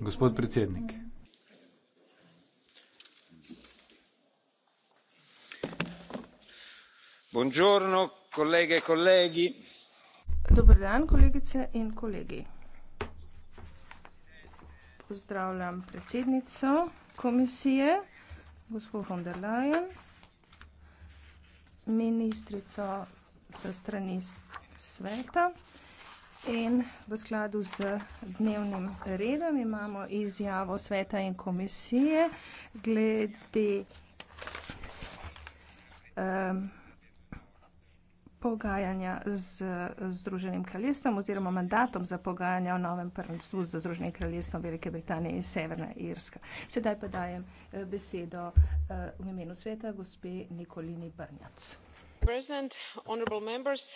gospod predsednik. Dober dan, kolegice in kolegi. Pozdravljam predsednico komisije, gospod von der Leyen, ministrico s strani sveta, In v skladu z dnevnim redom imamo izjavo sveta in komisije glede um, pogajanja z Združenim kraljestvom oziroma mandatom za pogajanja o novem prvenstvu z Združenim kraljestvom Velike Britanije in Severna Irska. Sedaj pa dajem eh, besedo uh, v imenu sveta gospe Nikolini Brnjac. President, honorable members,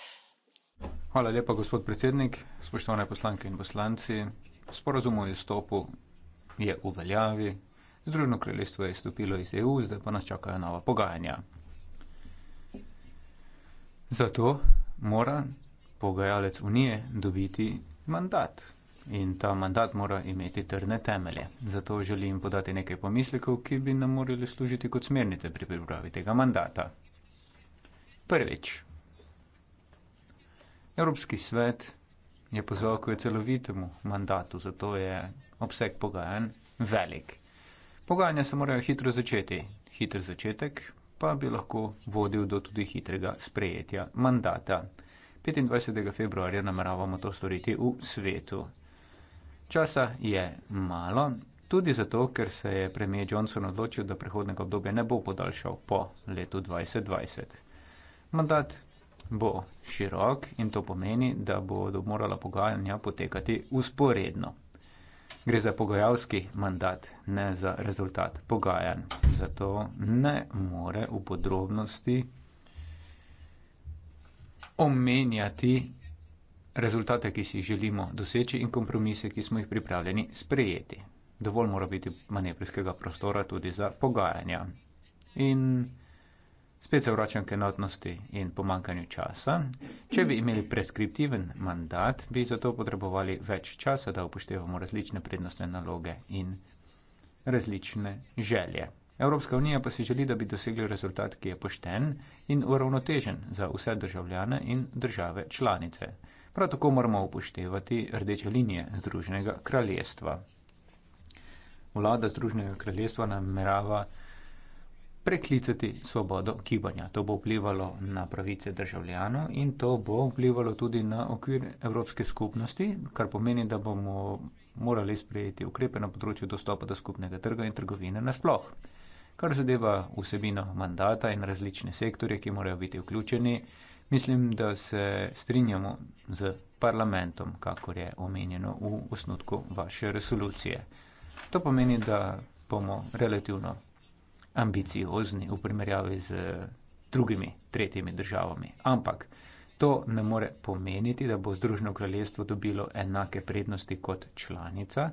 Hvala lepa, gospod predsednik. Spoštovane poslanke in poslanci. Sporazum o izstopu je v veljavi. Združeno kraljestvo je izstopilo iz EU, zdaj pa nas čakajo nova pogajanja. Zato mora pogajalec Unije dobiti mandat. In ta mandat mora imeti trdne temelje. Zato želim podati nekaj pomislekov, ki bi nam morali služiti kot smernice pri pripravi tega mandata. Prvič, Evropski svet je pozval k celovitemu mandatu, zato je obseg pogajanj velik. Pogajanja se morajo hitro začeti. Hiter začetek pa bi lahko vodil do tudi hitrega sprejetja mandata. 25. februarja nameravamo to storiti v svetu. Časa je malo, tudi zato, ker se je premijer Johnson odločil, da prehodnega obdobja ne bo podaljšal po letu 2020. Mandat bo širok in to pomeni, da bodo morala pogajanja potekati usporedno. Gre za pogajalski mandat, ne za rezultat pogajanj. Zato ne more v podrobnosti omenjati rezultate, ki si jih želimo doseči in kompromise, ki smo jih pripravljeni sprejeti. Dovolj mora biti manevrskega prostora tudi za pogajanja. In Spet se vračam k enotnosti in pomankanju časa. Če bi imeli preskriptiven mandat, bi zato potrebovali več časa, da upoštevamo različne prednostne naloge in različne želje. Evropska unija pa si želi, da bi dosegli rezultat, ki je pošten in uravnotežen za vse državljane in države članice. Prav tako moramo upoštevati rdeče linije Združenega kraljestva. Vlada Združenega kraljestva namerava preklicati svobodo gibanja. To bo vplivalo na pravice državljanov in to bo vplivalo tudi na okvir Evropske skupnosti, kar pomeni, da bomo morali sprejeti ukrepe na področju dostopa do skupnega trga in trgovine nasploh. Kar zadeva vsebino mandata in različne sektorje, ki morajo biti vključeni, mislim, da se strinjamo z parlamentom, kakor je omenjeno v osnutku vaše resolucije. To pomeni, da bomo relativno ambiciozni v primerjavi z drugimi, tretjimi državami. Ampak to ne more pomeniti, da bo Združeno kraljestvo dobilo enake prednosti kot članica,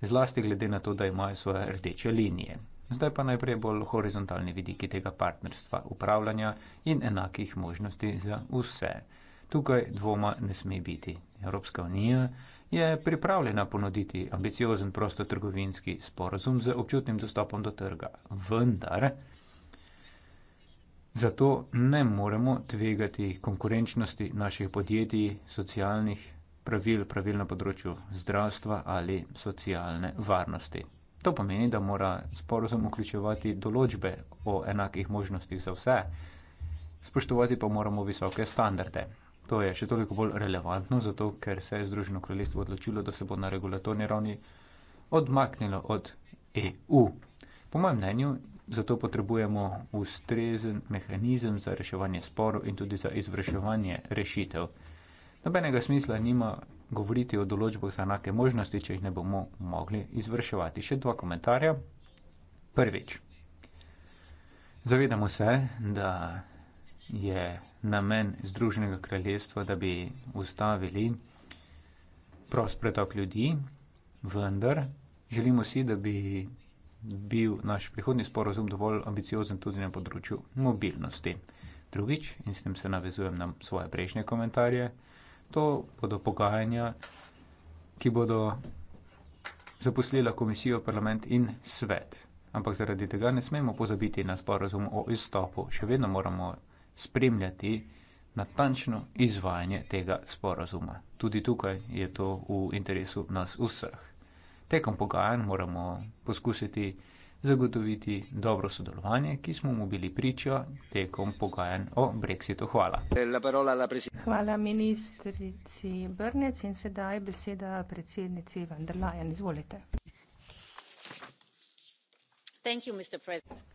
zlasti glede na to, da imajo svoje rdeče linije. Zdaj pa najprej bolj horizontalni vidiki tega partnerstva, upravljanja in enakih možnosti za vse. Tukaj dvoma ne sme biti. Evropska unija je pripravljena ponuditi ambiciozen prostotrgovinski sporazum z občutnim dostopom do trga. Vendar zato ne moremo tvegati konkurenčnosti naših podjetij, socialnih pravil, pravil na področju zdravstva ali socialne varnosti. To pomeni, da mora sporozum vključevati določbe o enakih možnostih za vse, spoštovati pa moramo visoke standarde. To je še toliko bolj relevantno, zato ker se je Združeno kraljestvo odločilo, da se bo na regulatorni ravni odmaknilo od EU. Po mojem mnenju, zato potrebujemo ustrezen mehanizem za reševanje sporov in tudi za izvrševanje rešitev. Nobenega smisla nima govoriti o določbah za enake možnosti, če jih ne bomo mogli izvrševati. Še dva komentarja. Prvič. Zavedamo se, da je namen Združenega kraljestva, da bi ustavili prost pretok ljudi, vendar želimo si, da bi bil naš prihodni sporozum dovolj ambiciozen tudi na področju mobilnosti. Drugič, in s tem se navezujem na svoje prejšnje komentarje, to bodo pogajanja, ki bodo zaposlila komisijo, parlament in svet. Ampak zaradi tega ne smemo pozabiti na sporozum o izstopu. Še vedno moramo spremljati natančno izvajanje tega sporazuma. Tudi tukaj je to v interesu nas vseh. Tekom pogajanj moramo poskusiti zagotoviti dobro sodelovanje, ki smo mu bili pričo tekom pogajanj o brexitu. Hvala. Hvala ministrici Brnec in sedaj beseda predsednici Vandrlajan. Izvolite.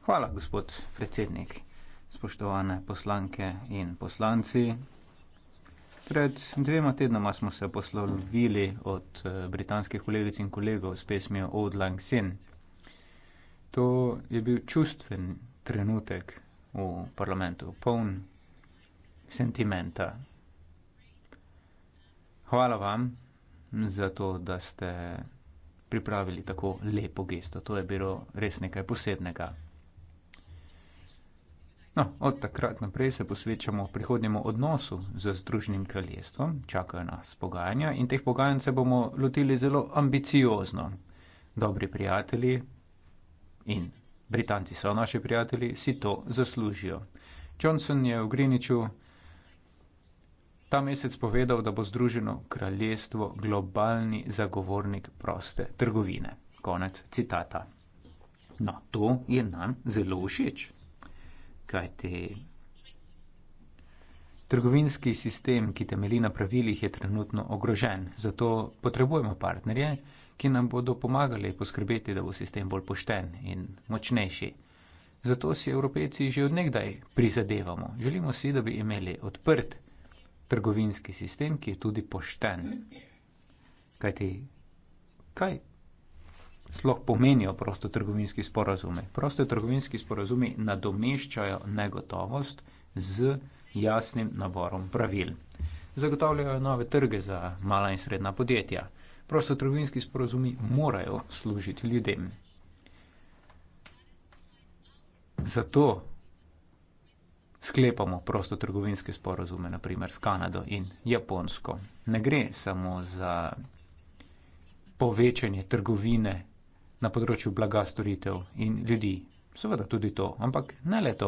Hvala, gospod predsednik spoštovane poslanke in poslanci. Pred dvema tednoma smo se poslovili od eh, britanskih kolegic in kolegov s pesmijo Old Lang Syne. To je bil čustven trenutek v parlamentu, poln sentimenta. Hvala vam za to, da ste pripravili tako lepo gesto. To je bilo res nekaj posebnega. No, od takrat naprej se posvečamo prihodnjemu odnosu z Združenim kraljestvom, čakajo nas pogajanja in teh pogajanj se bomo lotili zelo ambiciozno. Dobri prijatelji in Britanci so naši prijatelji, si to zaslužijo. Johnson je v Greenwichu ta mesec povedal, da bo Združeno kraljestvo globalni zagovornik proste trgovine. Konec citata. No, to je nam zelo všeč, kajti trgovinski sistem, ki temelji na pravilih, je trenutno ogrožen. Zato potrebujemo partnerje, ki nam bodo pomagali poskrbeti, da bo sistem bolj pošten in močnejši. Zato si evropejci že odnegdaj prizadevamo. Želimo si, da bi imeli odprt trgovinski sistem, ki je tudi pošten. Kajti, kaj sploh pomenijo prostotrgovinski sporazumi. Prostotrgovinski sporazumi nadomeščajo negotovost z jasnim naborom pravil. Zagotavljajo nove trge za mala in srednja podjetja. Prostotrgovinski sporazumi morajo služiti ljudem. Zato sklepamo prostotrgovinske sporazume, naprimer s Kanado in Japonsko. Ne gre samo za povečanje trgovine na področju blaga, storitev in ljudi. Seveda tudi to, ampak ne le to.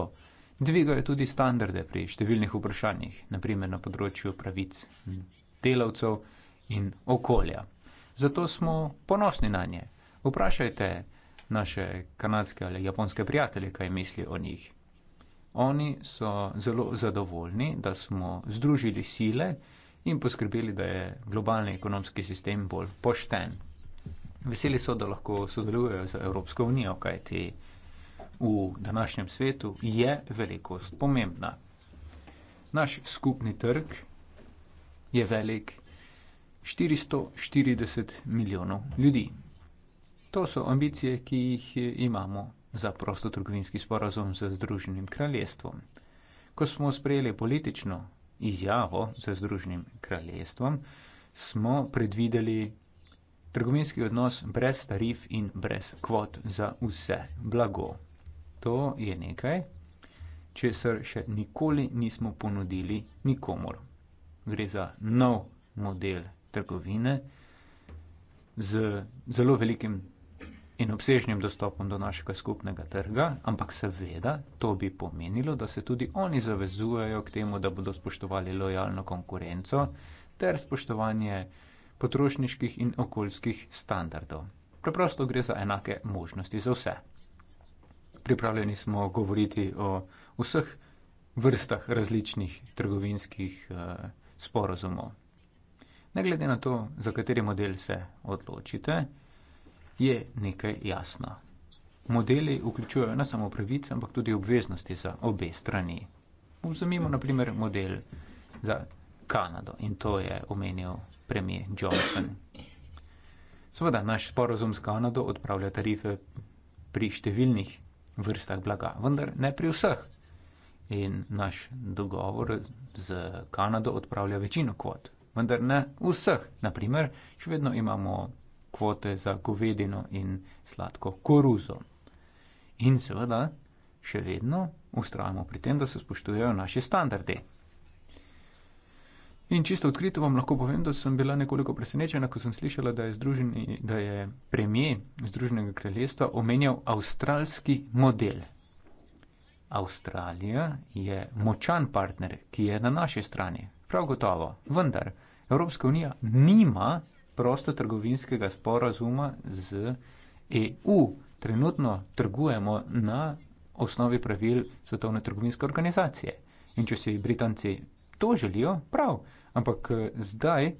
Dvigajo tudi standarde pri številnih vprašanjih, naprimer na področju pravic delavcev in okolja. Zato smo ponosni na nje. Vprašajte naše kanadske ali japonske prijatelje, kaj misli o njih. Oni so zelo zadovoljni, da smo združili sile in poskrbeli, da je globalni ekonomski sistem bolj pošten, Veseli so, da lahko sodelujejo z Evropsko unijo, kajti v današnjem svetu je velikost pomembna. Naš skupni trg je velik 440 milijonov ljudi. To so ambicije, ki jih imamo za prostotrgovinski sporazum z Združenim kraljestvom. Ko smo sprejeli politično izjavo z Združenim kraljestvom, smo predvideli trgovinski odnos brez tarif in brez kvot za vse blago. To je nekaj, česar še nikoli nismo ponudili nikomor. Gre za nov model trgovine z zelo velikim in obsežnim dostopom do našega skupnega trga, ampak seveda to bi pomenilo, da se tudi oni zavezujejo k temu, da bodo spoštovali lojalno konkurenco ter spoštovanje potrošniških in okoljskih standardov. Preprosto gre za enake možnosti za vse. Pripravljeni smo govoriti o vseh vrstah različnih trgovinskih uh, eh, sporozumov. Ne glede na to, za kateri model se odločite, je nekaj jasno. Modeli vključujejo ne samo pravice, ampak tudi obveznosti za obe strani. Vzemimo naprimer model za Kanado in to je omenil premije Johnson. Seveda, naš sporozum s Kanado odpravlja tarife pri številnih vrstah blaga, vendar ne pri vseh. In naš dogovor z Kanado odpravlja večino kvot, vendar ne vseh. Naprimer, še vedno imamo kvote za govedino in sladko koruzo. In seveda, še vedno ustrajamo pri tem, da se spoštujejo naše standarde. In čisto odkrito vam lahko povem, da sem bila nekoliko presenečena, ko sem slišala, da je, združeni, da je premijer Združenega kraljestva omenjal avstralski model. Avstralija je močan partner, ki je na naši strani. Prav gotovo. Vendar Evropska unija nima prostotrgovinskega sporazuma z EU. Trenutno trgujemo na osnovi pravil Svetovne trgovinske organizacije. In če si Britanci to želijo, prav. Ampak eh, zdaj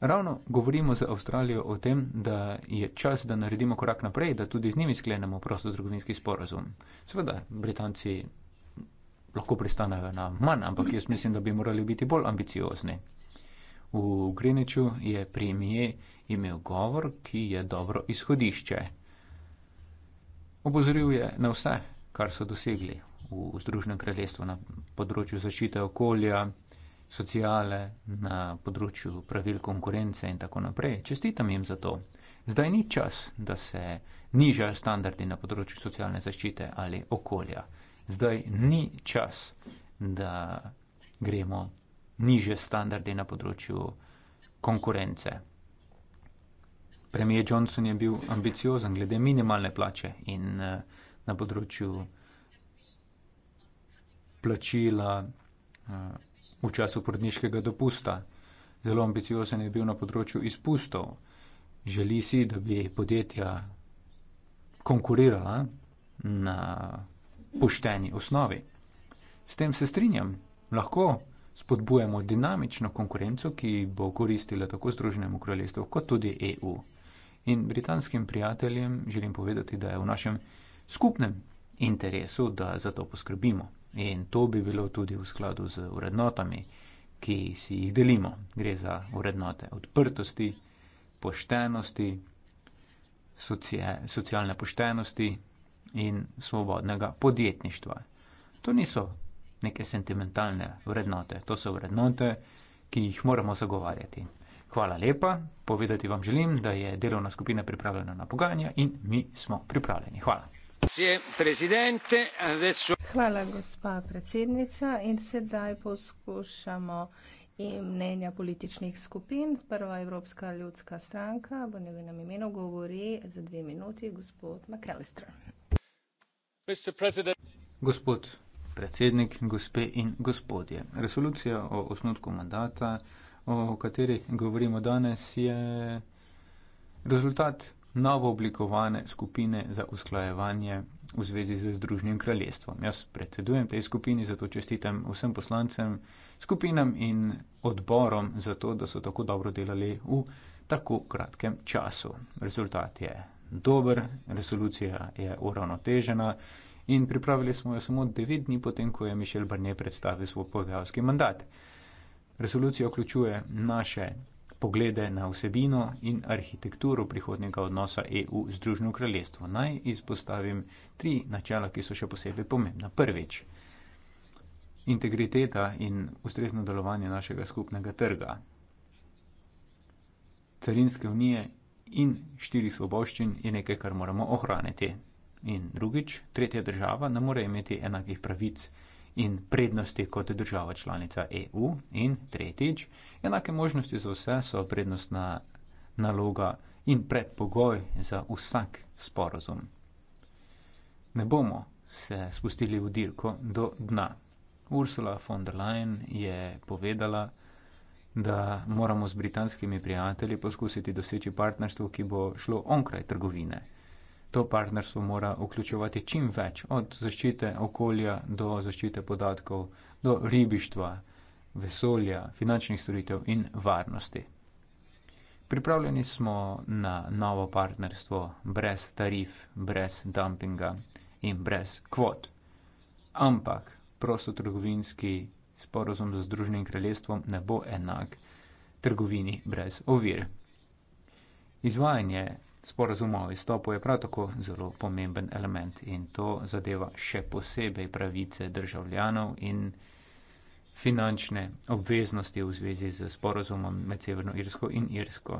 ravno govorimo z Avstralijo o tem, da je čas, da naredimo korak naprej, da tudi z njimi sklenemo prostotrgovinski sporazum. Seveda, Britanci lahko pristanejo na manj, ampak jaz mislim, da bi morali biti bolj ambiciozni. V Greenwichu je premije imel govor, ki je dobro izhodišče. Obozoril je na vse, kar so dosegli v Združenem kraljestvu na področju zaščite okolja, sociale, na področju pravil konkurence in tako naprej. Čestitam jim za to. Zdaj ni čas, da se nižajo standardi na področju socialne zaščite ali okolja. Zdaj ni čas, da gremo niže standardi na področju konkurence. Premijer Johnson je bil ambiciozen glede minimalne plače in eh, na področju eh, plačila eh, v času porodniškega dopusta. Zelo ambiciozen je bil na področju izpustov. Želi si, da bi podjetja konkurirala na pošteni osnovi. S tem se strinjam. Lahko spodbujamo dinamično konkurenco, ki bo koristila tako Združenemu kraljestvu, kot tudi EU. In britanskim prijateljem želim povedati, da je v našem skupnem interesu, da za to poskrbimo. In to bi bilo tudi v skladu z vrednotami, ki si jih delimo. Gre za vrednote odprtosti, poštenosti, socije, socialne poštenosti in svobodnega podjetništva. To niso neke sentimentalne vrednote, to so vrednote, ki jih moramo zagovarjati. Hvala lepa, povedati vam želim, da je delovna skupina pripravljena na pogajanja in mi smo pripravljeni. Hvala. Hvala, gospa predsednica. In sedaj poskušamo mnenja političnih skupin. Prva Evropska ljudska stranka bo njegovem imenu govori za dve minuti gospod McAllister. Gospod predsednik, gospe in gospodje. Resolucija o osnutku mandata, o kateri govorimo danes, je rezultat novo oblikovane skupine za usklajevanje v zvezi z Združenim kraljestvom. Jaz predsedujem tej skupini, zato čestitam vsem poslancem, skupinam in odborom za to, da so tako dobro delali v tako kratkem času. Rezultat je dober, resolucija je uravnotežena in pripravili smo jo samo devet dni potem, ko je Mišel Barnier predstavil svoj pogajalski mandat. Resolucija vključuje naše poglede na vsebino in arhitekturo prihodnjega odnosa EU z Združeno kraljestvo. Naj izpostavim tri načela, ki so še posebej pomembna. Prvič, integriteta in ustrezno delovanje našega skupnega trga, carinske unije in štirih svoboščin je nekaj, kar moramo ohraniti. In drugič, tretja država ne more imeti enakih pravic in prednosti kot država članica EU in tretjič, enake možnosti za vse so prednostna naloga in predpogoj za vsak sporozum. Ne bomo se spustili v dirko do dna. Ursula von der Leyen je povedala, da moramo z britanskimi prijatelji poskusiti doseči partnerstvo, ki bo šlo onkraj trgovine. To partnerstvo mora vključevati čim več, od zaščite okolja do zaščite podatkov, do ribištva, vesolja, finančnih storitev in varnosti. Pripravljeni smo na novo partnerstvo brez tarif, brez dumpinga in brez kvot. Ampak prostotrgovinski sporozum z Združenim kraljestvom ne bo enak trgovini brez ovir. Izvajanje Sporazum o izstopu je prav tako zelo pomemben element in to zadeva še posebej pravice državljanov in finančne obveznosti v zvezi z sporazumom med Severno Irsko in Irsko.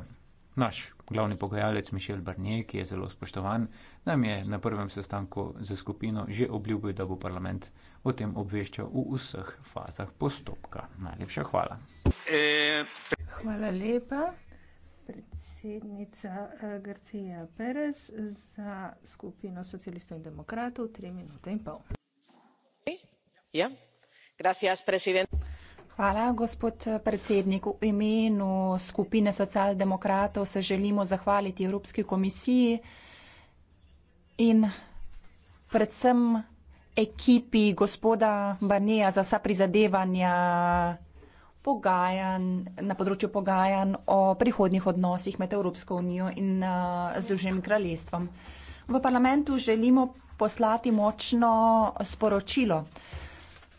Naš glavni pogajalec Mišel Barnier, ki je zelo spoštovan, nam je na prvem sestanku za skupino že obljubil, da bo parlament o tem obveščal v vseh fazah postopka. Najlepša hvala. Eh, hvala lepa predsednica eh, Garcija Perez za skupino socialistov in demokratov, tri minute in pol. Ja. Gracias, Hvala, gospod eh, predsednik. V imenu skupine socialdemokratov se želimo zahvaliti Evropski komisiji in predvsem ekipi gospoda Barneja za vsa prizadevanja pogajan, na področju pogajanj o prihodnih odnosih med Evropsko unijo in uh, Združenim kraljestvom. V parlamentu želimo poslati močno sporočilo.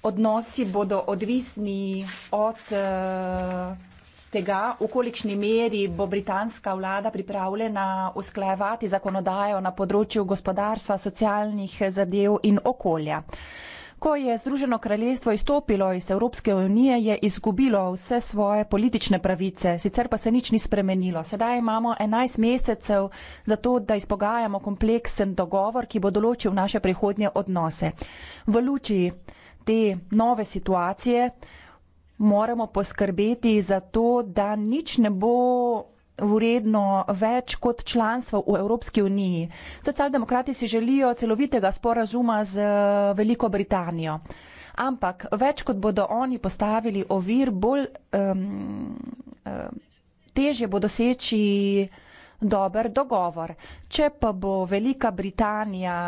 Odnosi bodo odvisni od uh, tega, v kolikšni meri bo britanska vlada pripravljena usklajevati zakonodajo na področju gospodarstva, socialnih zadev in okolja. Ko je Združeno kraljestvo izstopilo iz Evropske unije, je izgubilo vse svoje politične pravice, sicer pa se nič ni spremenilo. Sedaj imamo 11 mesecev za to, da izpogajamo kompleksen dogovor, ki bo določil naše prihodnje odnose. V luči te nove situacije moramo poskrbeti za to, da nič ne bo vredno več kot članstvo v Evropski uniji. Socialdemokrati si želijo celovitega sporazuma z eh, Veliko Britanijo. Ampak več kot bodo oni postavili ovir, bolj um, um, težje bo doseči dober dogovor. Če pa bo Velika Britanija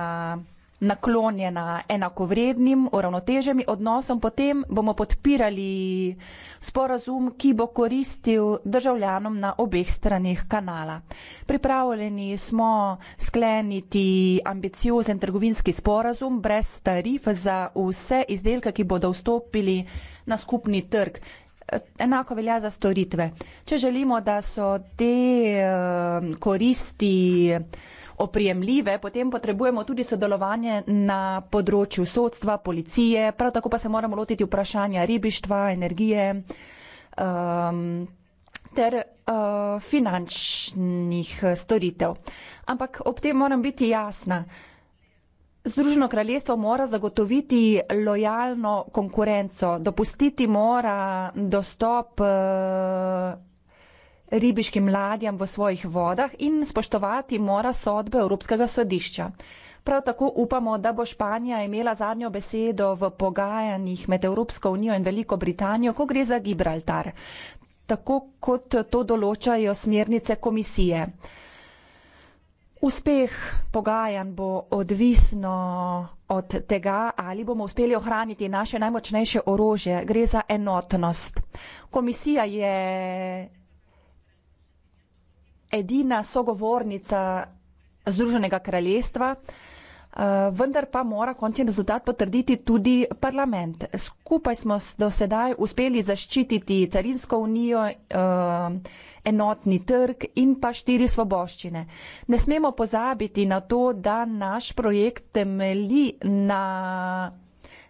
naklonjena enakovrednim, uravnoteženim odnosom, potem bomo podpirali sporazum, ki bo koristil državljanom na obeh stranih kanala. Pripravljeni smo skleniti ambiciozen trgovinski sporazum brez tarif za vse izdelke, ki bodo vstopili na skupni trg. Enako velja za storitve. Če želimo, da so te eh, koristi oprijemljive, potem potrebujemo tudi sodelovanje na področju sodstva, policije, prav tako pa se moramo lotiti vprašanja ribištva, energije um, ter uh, finančnih storitev. Ampak ob tem moram biti jasna. Združeno kraljestvo mora zagotoviti lojalno konkurenco, dopustiti mora dostop uh, ribiškim ladjam v svojih vodah in spoštovati mora sodbe Evropskega sodišča. Prav tako upamo, da bo Španija imela zadnjo besedo v pogajanjih med Evropsko unijo in Veliko Britanijo, ko gre za Gibraltar, tako kot to določajo smernice komisije. Uspeh pogajanj bo odvisno od tega, ali bomo uspeli ohraniti naše najmočnejše orožje. Gre za enotnost. Komisija je edina sogovornica Združenega kraljestva, eh, vendar pa mora končni rezultat potrditi tudi parlament. Skupaj smo do sedaj uspeli zaščititi carinsko unijo, eh, enotni trg in pa štiri svoboščine. Ne smemo pozabiti na to, da naš projekt temeli na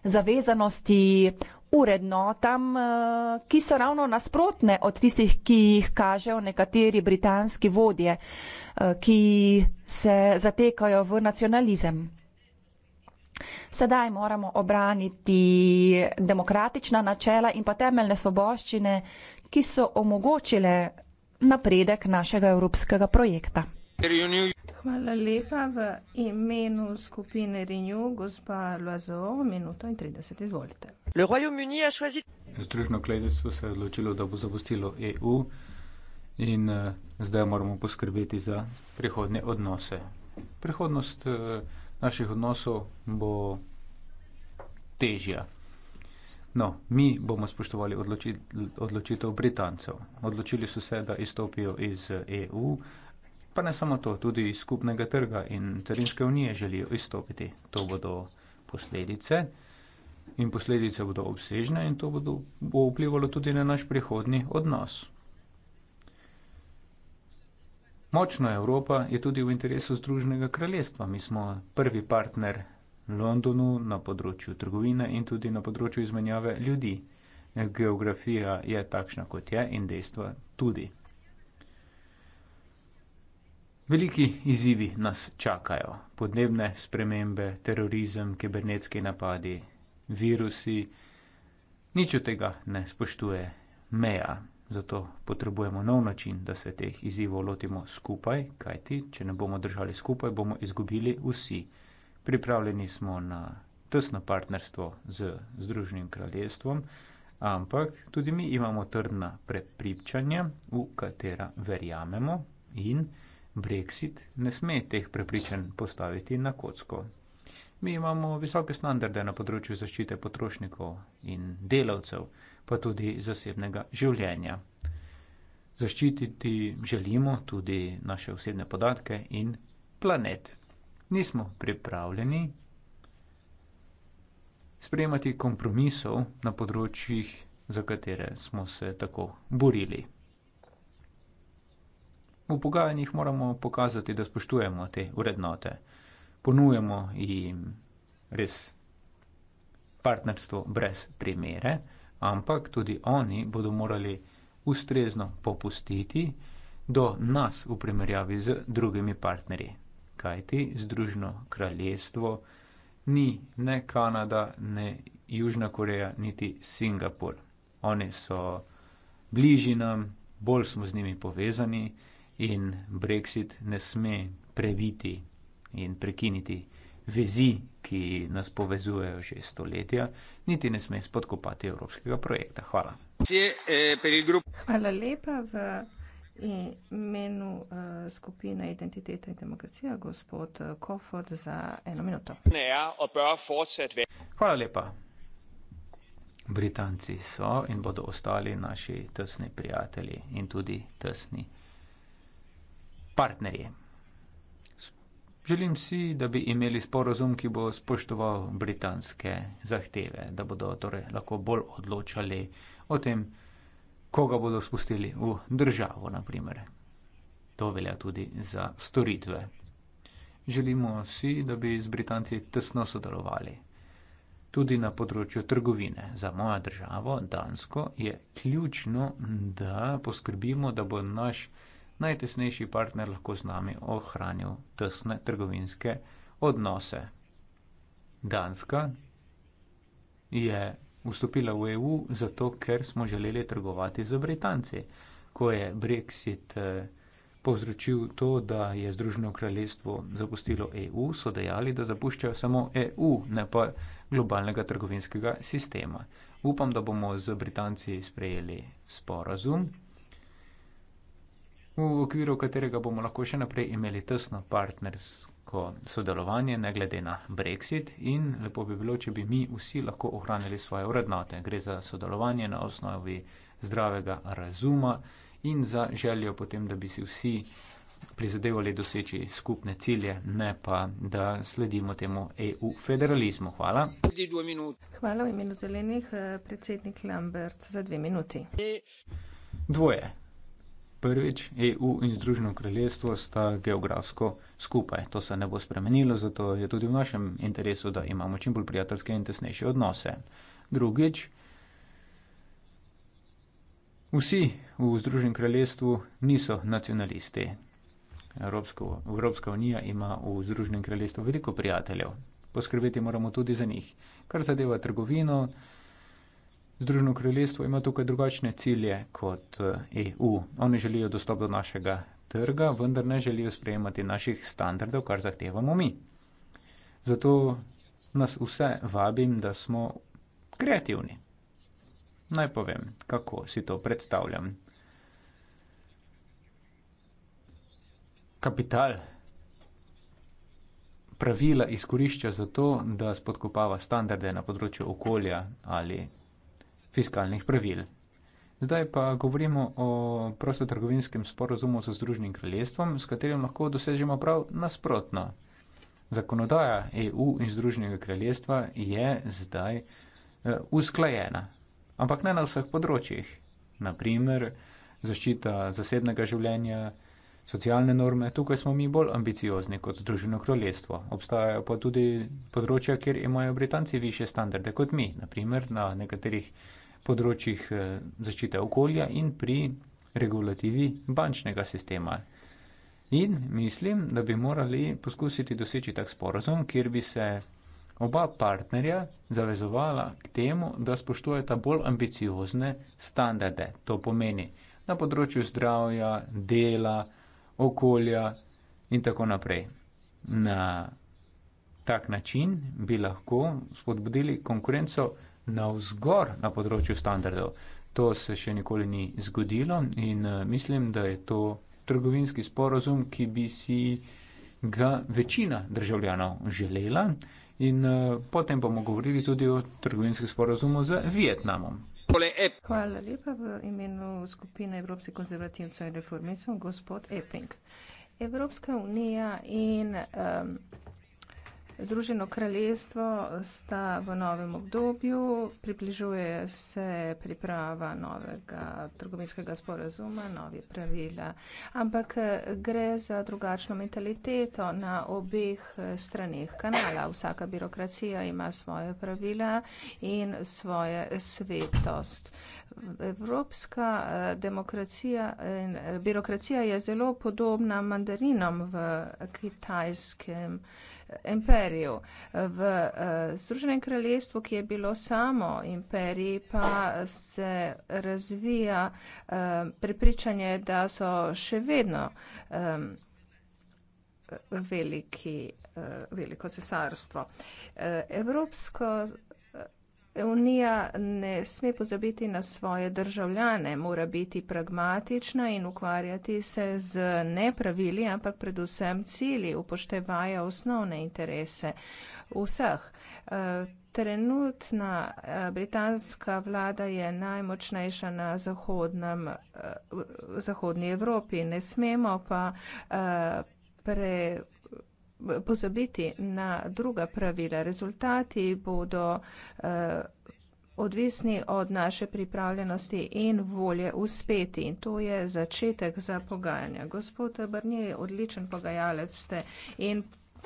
zavezanosti uredno, tam, eh, ki so ravno nasprotne od tistih, ki jih kažejo nekateri britanski vodje, eh, ki se zatekajo v nacionalizem. Sedaj moramo obraniti demokratična načela in pa temeljne svoboščine, ki so omogočile napredek našega evropskega projekta. Hvala lepa v imenu skupine Renew, gospa Loazo, minuto in 30, izvolite. Le Royaume-Uni a choisi. Združeno kraljestvo se je odločilo, da bo zapustilo EU in uh, zdaj moramo poskrbeti za prihodne odnose. Prihodnost uh, naših odnosov bo težja. No, mi bomo spoštovali odloči, odločitev Britancev. Odločili so se, da izstopijo iz EU, eh, e pa ne samo to, tudi iz skupnega trga in carinske unije želijo izstopiti. To bodo posledice. In posledice bodo obsežne in to bodo, bo vplivalo tudi na naš prihodni odnos. Močna Evropa je tudi v interesu Združenega kraljestva. Mi smo prvi partner Londonu na področju trgovine in tudi na področju izmenjave ljudi. Geografija je takšna, kot je in dejstva tudi. Veliki izzivi nas čakajo. Podnebne spremembe, terorizem, kibernetski napadi, virusi. Nič od tega ne spoštuje meja, zato potrebujemo nov način, da se teh izzivov lotimo skupaj, kajti če ne bomo držali skupaj, bomo izgubili vsi. Pripravljeni smo na tesno partnerstvo z Združenim kraljestvom, ampak tudi mi imamo trdna prepričanja, v katera verjamemo in Brexit ne sme teh prepričanj postaviti na kocko. Mi imamo visoke standarde na področju zaščite potrošnikov in delavcev, pa tudi zasebnega življenja. Zaščititi želimo tudi naše osebne podatke in planet. Nismo pripravljeni sprejemati kompromisov na področjih, za katere smo se tako borili. V pogajanjih moramo pokazati, da spoštujemo te urednote ponujamo jim res partnerstvo brez premere, ampak tudi oni bodo morali ustrezno popustiti do nas v primerjavi z drugimi partnerji. Kajti Združeno kraljestvo ni ne Kanada, ne Južna Koreja, niti Singapur. Oni so bližji nam, bolj smo z njimi povezani in Brexit ne sme previti in prekiniti vezi, ki nas povezujejo že stoletja, niti ne sme spodkopati evropskega projekta. Hvala. Hvala lepa v imenu eh, skupine Identiteta in demokracija, gospod eh, Kofod, za eno minuto. Hvala lepa. Britanci so in bodo ostali naši tesni prijatelji in tudi tesni partnerje. Želim si, da bi imeli sporozum, ki bo spoštoval britanske zahteve, da bodo torej lahko bolj odločali o tem, koga bodo spustili v državo, naprimer. To velja tudi za storitve. Želimo si, da bi z Britanci tesno sodelovali. Tudi na področju trgovine za mojo državo, Dansko, je ključno, da poskrbimo, da bo naš najtesnejši partner lahko z nami ohranil tesne trgovinske odnose. Danska je vstopila v EU zato, ker smo želeli trgovati z Britanci. Ko je Brexit eh, povzročil to, da je Združeno kraljestvo zapustilo EU, so dejali, da zapuščajo samo EU, ne pa globalnega trgovinskega sistema. Upam, da bomo z Britanci sprejeli sporazum v okviru katerega bomo lahko še naprej imeli tesno partnersko sodelovanje, ne glede na Brexit. In lepo bi bilo, če bi mi vsi lahko ohranili svoje vrednote. Gre za sodelovanje na osnovi zdravega razuma in za željo potem, da bi si vsi prizadevali doseči skupne cilje, ne pa da sledimo temu EU federalizmu. Hvala. Hvala v imenu zelenih, eh, predsednik Lambert, za dve minuti. Dvoje prvič, EU in Združeno kraljestvo sta geografsko skupaj. To se ne bo spremenilo, zato je tudi v našem interesu, da imamo čim bolj prijateljske in tesnejše odnose. Drugič, vsi v Združenem kraljestvu niso nacionalisti. Evropsko, Evropska unija ima v Združenem kraljestvu veliko prijateljev. Poskrbeti moramo tudi za njih. Kar zadeva trgovino, Združeno kraljestvo ima tukaj drugačne cilje kot EU. Eh, e Oni želijo dostop do našega trga, vendar ne želijo sprejemati naših standardov, kar zahtevamo mi. Zato nas vse vabim, da smo kreativni. Naj povem, kako si to predstavljam. Kapital pravila izkorišča zato, da spodkopava standarde na področju okolja ali fiskalnih pravil. Zdaj pa govorimo o prostotrgovinskem sporozumu z Združenim kraljestvom, s katerim lahko dosežemo prav nasprotno. Zakonodaja EU in Združenega kraljestva je zdaj eh, usklajena, ampak ne na vseh področjih. Naprimer, zaščita zasebnega življenja, socialne norme, tukaj smo mi bolj ambiciozni kot Združeno kraljestvo. Obstajajo pa tudi področja, kjer imajo Britanci više standarde kot mi, naprimer na nekaterih področjih področjih eh, zaščite okolja in pri regulativi bančnega sistema. In mislim, da bi morali poskusiti doseči tak sporozum, kjer bi se oba partnerja zavezovala k temu, da spoštujeta bolj ambiciozne standarde. To pomeni na področju zdravja, dela, okolja in tako naprej. Na tak način bi lahko spodbudili konkurenco navzgor na področju standardov. To se še nikoli ni zgodilo in eh, mislim, da je to trgovinski sporozum, ki bi si ga večina državljanov želela. In eh, potem bomo govorili tudi o trgovinskem sporozumu z Vietnamom. Hvala lepa v imenu skupine Evropskih konzervativcev in reformistov, gospod Epping. Evropska unija in um, Združeno kraljestvo sta v novem obdobju, približuje se priprava novega trgovinskega sporazuma, nove pravila, ampak eh, gre za drugačno mentaliteto na obeh eh, straneh kanala. Vsaka birokracija ima svoje pravila in svoje svetost. Evropska eh, demokracija in birokracija je zelo podobna mandarinom v kitajskem kraljestvu imperiju. V eh, Združenem kraljestvu, ki je bilo samo imperij, pa se razvija eh, prepričanje, da so še vedno eh, veliki, veliko cesarstvo. Evropsko Unija ne sme pozabiti na svoje državljane, mora biti pragmatična in ukvarjati se z nepravili, ampak predvsem cilji, upoštevaja osnovne interese vseh. Eh, trenutna eh, britanska vlada je najmočnejša na zahodnem, eh, zahodnji Evropi, ne smemo pa pre pozabiti na druga pravila. Rezultati bodo eh, odvisni od naše pripravljenosti in volje uspeti. In to je začetek za pogajanja. Gospod Brnje je odličen pogajalec ste in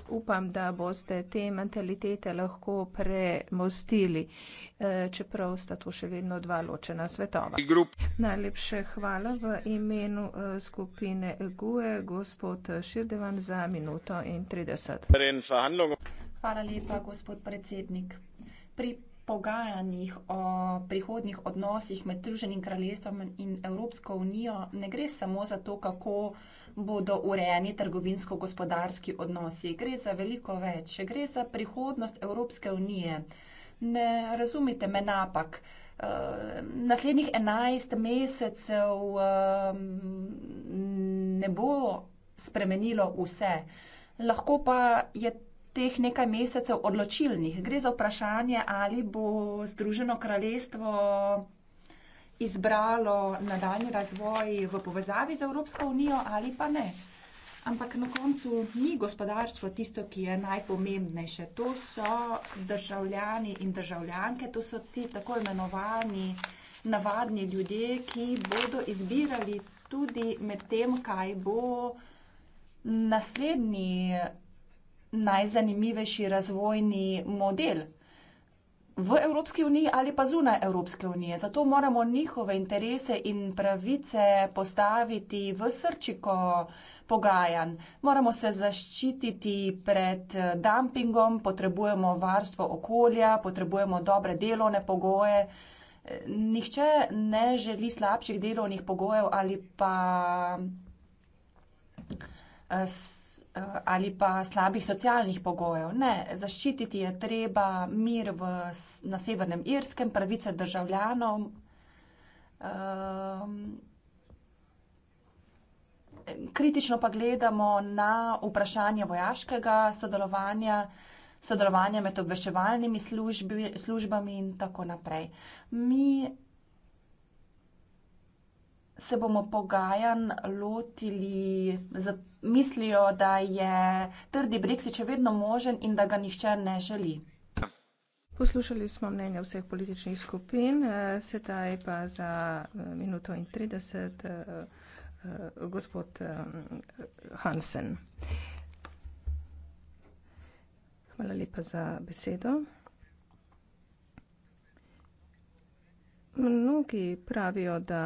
upam, da boste te mentalitete lahko premostili, eh, čeprav sta to še vedno dva ločena svetova. Najlepše hvala v imenu eh, skupine GUE, gospod Širdevan, za minuto in 30. Hvala lepa, gospod predsednik. Pri pogajanjih o prihodnih odnosih med Združenim kraljestvom in Evropsko unijo ne gre samo za to, kako bodo urejeni trgovinsko-gospodarski odnosi. Gre za veliko več, gre za prihodnost Evropske unije. Ne razumite me napak. Eh, naslednjih 11 mesecev ehm, ne bo spremenilo vse. Lahko pa je teh nekaj mesecev odločilnih. Gre za vprašanje, ali bo Združeno kraljestvo izbralo nadaljni razvoj v povezavi z Evropsko unijo ali pa ne. Ampak na koncu ni gospodarstvo tisto, ki je najpomembnejše. To so državljani in državljanke, to so ti tako imenovani navadni ljudje, ki bodo izbirali tudi med tem, kaj bo naslednji najzanimivejši razvojni model v Evropski uniji ali pa zunaj Evropske unije. Zato moramo njihove interese in pravice postaviti v srčiko pogajanj. Moramo se zaščititi pred eh, dumpingom, potrebujemo varstvo okolja, potrebujemo dobre delovne pogoje. Eh, nihče ne želi slabših delovnih pogojev ali pa eh, Eh, ali pa slabih socialnih pogojev. Ne, zaščititi je treba mir v, na Severnem Irskem, pravice državljanov. Um, kritično pa gledamo na vprašanje vojaškega sodelovanja, sodelovanja med obveščevalnimi službi, službami in tako naprej. Mi se bomo pogajanj lotili z mislijo, da je trdi Brexit še vedno možen in da ga nihče ne želi. Poslušali smo mnenja vseh političnih skupin, eh, sedaj pa za eh, minuto in 30 eh, gospod Hansen. Hvala lepa za besedo. Mnogi pravijo, da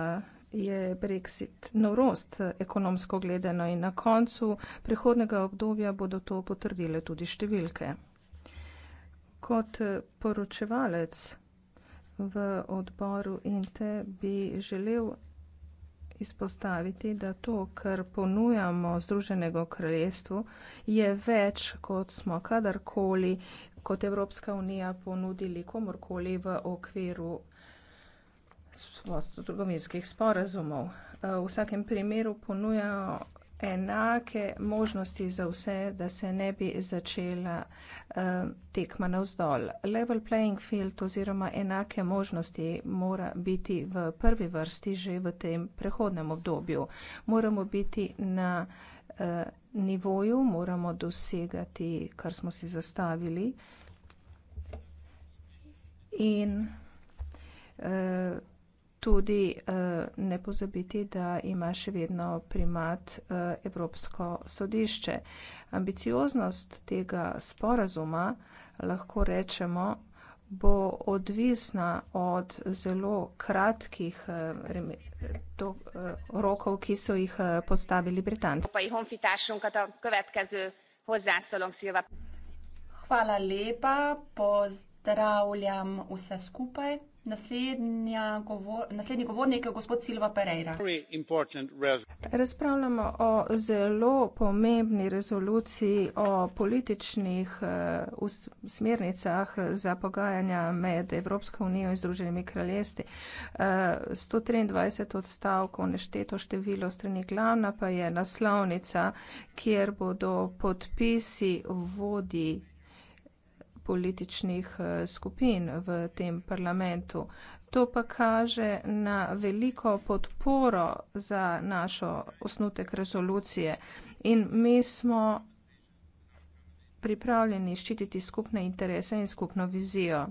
je Brexit norost ekonomsko gledano in na koncu prihodnega obdobja bodo to potrdile tudi številke. Kot eh, poročevalec v odboru INTE bi želel izpostaviti, da to, kar ponujamo Združenemu kraljestvu, je več, kot smo kadarkoli kot Evropska unija ponudili komorkoli v okviru trgovinskih sporazumov. Eh, v vsakem primeru ponujajo enake možnosti za vse, da se ne bi začela uh, tekma navzdol. Level playing field oziroma enake možnosti mora biti v prvi vrsti že v tem prehodnem obdobju. Moramo biti na uh, nivoju, moramo dosegati, kar smo si zastavili. In uh, tudi uh, ne pozabiti, da ima še vedno primat uh, Evropsko sodišče. Ambicioznost tega sporazuma lahko rečemo bo odvisna od zelo kratkih eh, do, rokov, ki so jih postavili Britanci. Hvala lepa, pozdravljam vse skupaj. Govor, naslednji govornik je gospod Silva Pereira. Razpravljamo o zelo pomembni rezoluciji o političnih uh, smernicah za pogajanja med Evropsko unijo in Združenimi kraljesti. Uh, eh, 123 odstavkov nešteto število strani glavna pa je naslovnica, kjer bodo podpisi vodi političnih eh, skupin v tem parlamentu. To pa kaže na veliko podporo za našo osnutek rezolucije in mi smo pripravljeni ščititi skupne interese in skupno vizijo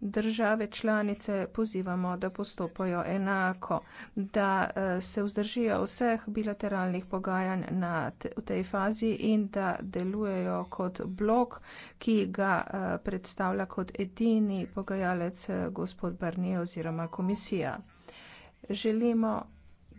države članice pozivamo, da postopajo enako, da eh, se vzdržijo vseh bilateralnih pogajanj na te, v tej fazi in da delujejo kot blok, ki ga eh, predstavlja kot edini pogajalec eh, gospod Barnier oziroma komisija. Želimo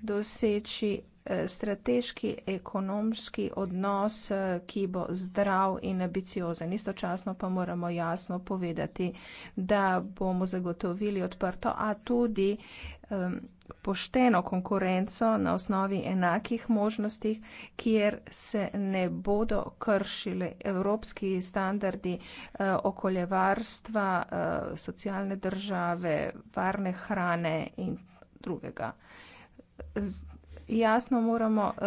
doseči Eh, strateški, ekonomski odnos, eh, ki bo zdrav in ambiciozen. Istočasno pa moramo jasno povedati, da bomo zagotovili odprto, a tudi pošteno konkurenco na osnovi enakih možnosti, kjer se ne bodo kršili evropski standardi eh, okoljevarstva, socialne države, varne hrane in drugega jasno moramo uh,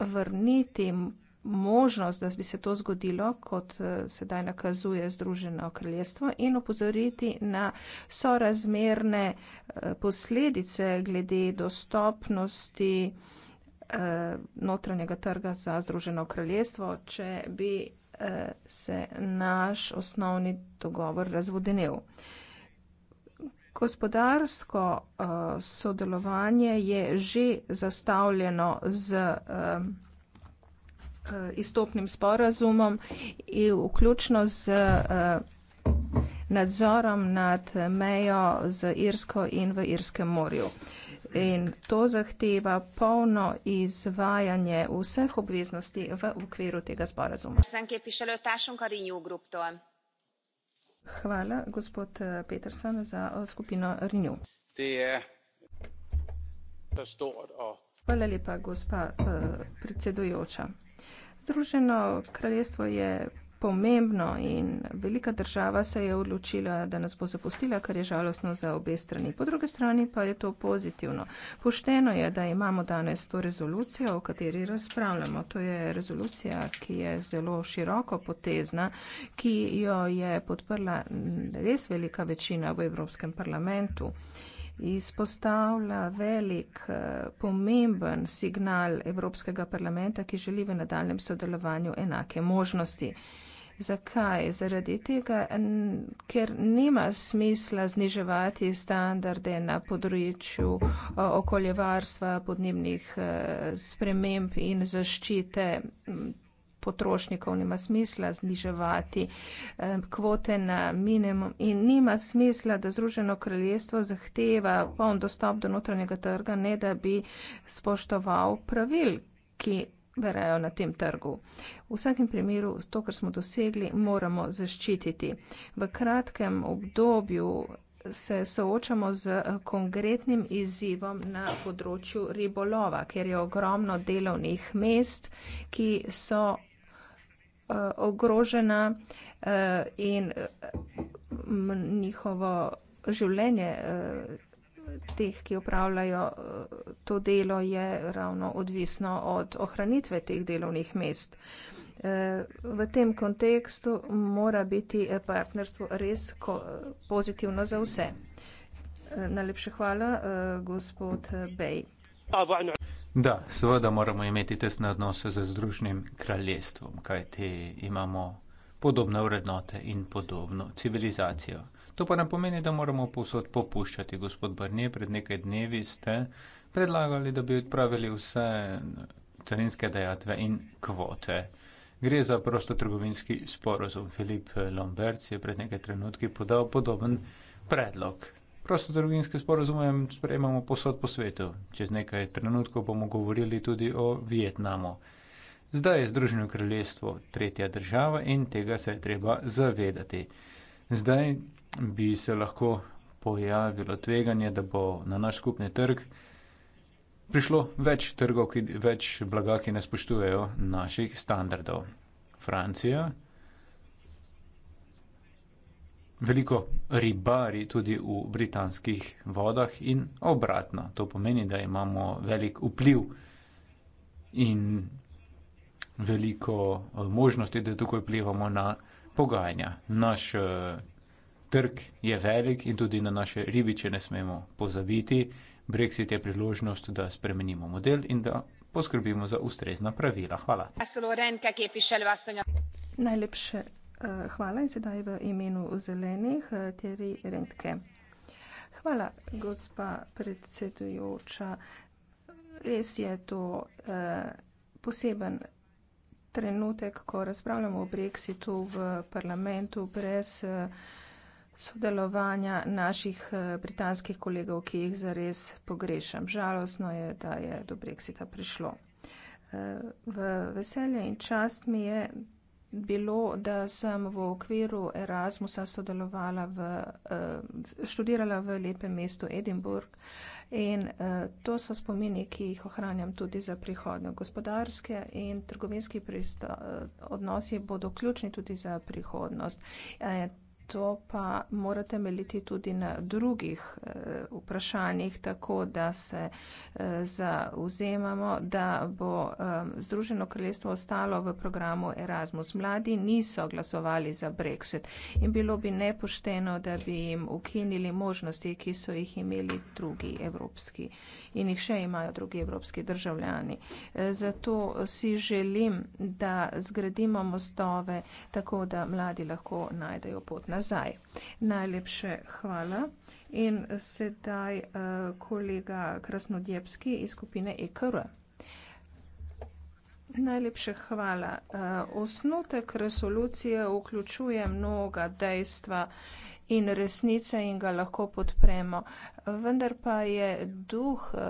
zavrniti možnost, da bi se to zgodilo, kot uh, sedaj nakazuje Združeno kraljestvo, in opozoriti na sorazmerne uh, posledice glede dostopnosti uh, notranjega trga za Združeno kraljestvo, če bi uh, se naš osnovni dogovor razvodenil. Uh, Gospodarsko uh, sodelovanje je že zastavljeno z uh, uh, izstopnim sporazumom in vključno z uh, nadzorom nad mejo z Irsko in v Irskem morju. In to zahteva polno izvajanje vseh obveznosti v okviru tega sporazuma. Hvala, gospod eh, Peterson, za eh, skupino Renew. Er, Hvala lepa, gospa eh, predsedujoča. Združeno kraljestvo je pomembno in velika država se je odločila, da nas bo zapustila, kar je žalostno za obe strani. Po drugi strani pa je to pozitivno. Pošteno je, da imamo danes to rezolucijo, o kateri razpravljamo. To je rezolucija, ki je zelo široko potezna, ki jo je podprla res velika večina v Evropskem parlamentu. Izpostavlja velik, eh, pomemben signal Evropskega parlamenta, ki želi v nadaljem sodelovanju enake možnosti. Zakaj? Zaradi tega, ker nima smisla zniževati standarde na področju okoljevarstva, podnebnih e, sprememb in zaščite potrošnikov, nima smisla zniževati e, kvote na minimum in nima smisla, da Združeno kraljestvo zahteva poln dostop do notranjega trga, ne da bi spoštoval pravil ki berajo na tem trgu. V vsakem primeru to, kar smo dosegli, moramo zaščititi. V kratkem obdobju se soočamo z konkretnim izzivom na področju ribolova, ker je ogromno delovnih mest, ki so eh, ogrožena eh, in eh, njihovo življenje teh, ki upravljajo eh, to delo, je ravno odvisno od ohranitve teh delovnih mest. Eh, v tem kontekstu mora biti eh, partnerstvo res pozitivno za vse. Najlepša hvala, gospod Bej. Da, seveda moramo imeti tesne odnose z Združnim kraljestvom, kajti imamo podobne vrednote in podobno civilizacijo. To pa ne pomeni, da moramo povsod popuščati. Gospod Barnier, pred nekaj dnevi ste predlagali, da bi odpravili vse carinske dejatve in kvote. Gre za prostotrgovinski sporozum. Filip Lombert je pred nekaj trenutki podal podoben predlog. Prostotrgovinske sporozume sprejemamo posod po svetu. Čez nekaj trenutkov bomo govorili tudi o Vietnamu. Zdaj je Združeno kraljestvo tretja država in tega se je treba zavedati. Zdaj bi se lahko pojavilo tveganje, da bo na naš skupni trg prišlo več trgov, ki, več blaga, ki ne spoštujejo naših standardov. Francija. Veliko ribari tudi v britanskih vodah in obratno. To pomeni, da imamo velik vpliv in veliko eh, možnosti, da tukaj vplivamo na pogajanja. Naš uh, Trg je velik in tudi na naše ribiče ne smemo pozabiti. Brexit je priložnost, da spremenimo model in da poskrbimo za ustrezna pravila. Hvala. Najlepše eh, hvala in sedaj v imenu zelenih eh, Tjeri Rentke. Hvala, gospa predsedujoča. Res je to eh, poseben trenutek, ko razpravljamo o brexitu v parlamentu brez. Eh, sodelovanja naših eh, britanskih kolegov, ki jih zares pogrešam. Žalostno je, da je do Brexita prišlo. Eh, v veselje in čast mi je bilo, da sem v okviru Erasmusa sodelovala v, eh, študirala v lepem mestu Edinburgh in to so spomini, ki jih ohranjam tudi za prihodnjo. Gospodarske in trgovinski odnosi bodo ključni tudi za prihodnost to pa mora temeljiti tudi na drugih eh, vprašanjih, tako da se eh, zauzemamo, da bo eh, Združeno kraljestvo ostalo v programu Erasmus. Mladi niso glasovali za Brexit in bilo bi nepošteno, da bi jim ukinili možnosti, ki so jih imeli drugi evropski in jih še imajo drugi evropski državljani. Zato si želim, da zgradimo mostove tako, da mladi lahko najdejo pot na nazaj. Najlepše hvala. In sedaj uh, kolega Krasnodjepski iz skupine EKR. Najlepše hvala. Uh, osnutek resolucije vključuje mnoga dejstva in resnice in ga lahko podpremo. Vendar pa je duh uh,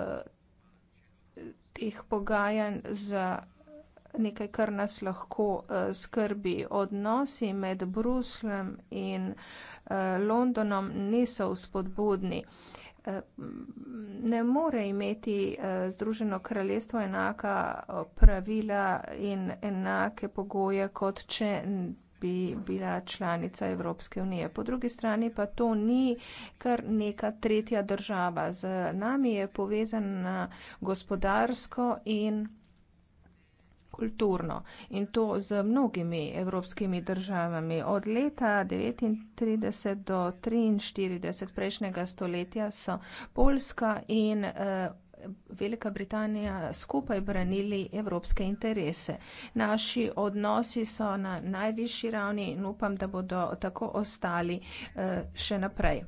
teh pogajanj za nekaj, kar nas lahko uh, skrbi. Odnosi med Bruslem in uh, Londonom niso vzpodbudni. Uh, ne more imeti uh, Združeno kraljestvo enaka pravila in enake pogoje, kot če bi bila članica Evropske unije. Po drugi strani pa to ni kar neka tretja država. Z nami je povezana gospodarsko in kulturno in to z mnogimi evropskimi državami. Od leta 1939 do 1943 prejšnjega stoletja so Poljska in eh, Velika Britanija skupaj branili evropske interese. Naši odnosi so na najvišji ravni in upam, da bodo tako ostali eh, še naprej.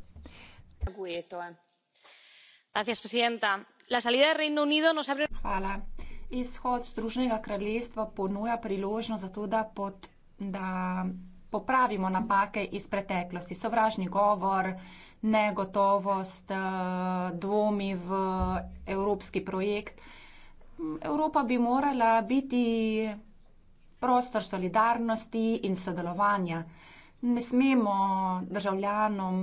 Hvala izhod Združenega kraljestva ponuja priložnost za to, da, pod, da popravimo napake iz preteklosti. Sovražni govor, negotovost, eh, dvomi v evropski projekt. Evropa bi morala biti prostor solidarnosti in sodelovanja. Ne smemo državljanom,